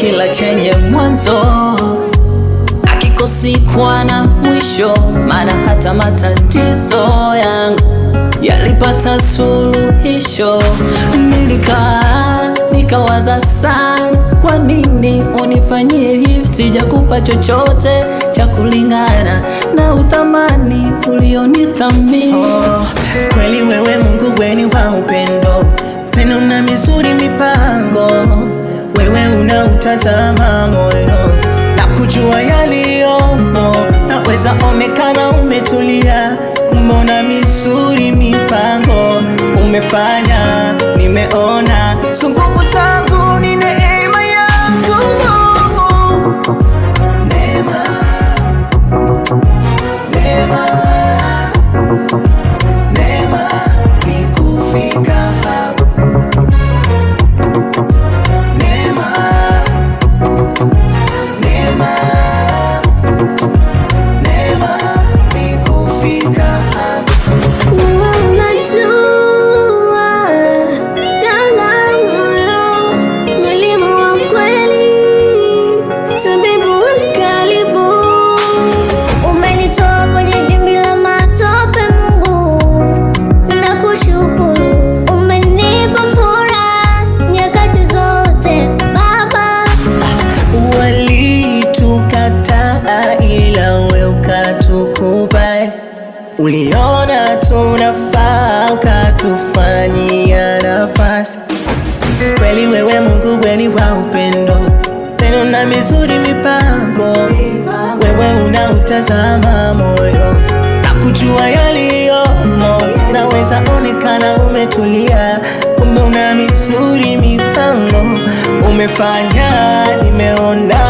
kila chenye mwanzo akikosikwa na mwisho, maana hata matatizo yangu yalipata suluhisho. Nilikaa nikawaza sana, kwa nini unifanyie hivi? Sijakupa chochote cha kulingana na uthamani ulionithamini. Oh, kweli wewe Mungu weni waupe kutazama moyo na kujua yaliyomo, naweza onekana umetulia tabibu wa karibu, umenitoa kwenye dimbi la matope. Mungu nakushukuru, umenipa furaha nyakati zote. Baba walitukataa, ila we ukatukubali, uliona tunafaa, ukatufanyia nafasi. Kweli wewe Mungu, kweli wa upendo maneno na mizuri mipango, wewe unautazama moyo na kujua yaliyomo, naweza onekana umetulia, kumbe una mizuri mipango, umefanya nimeona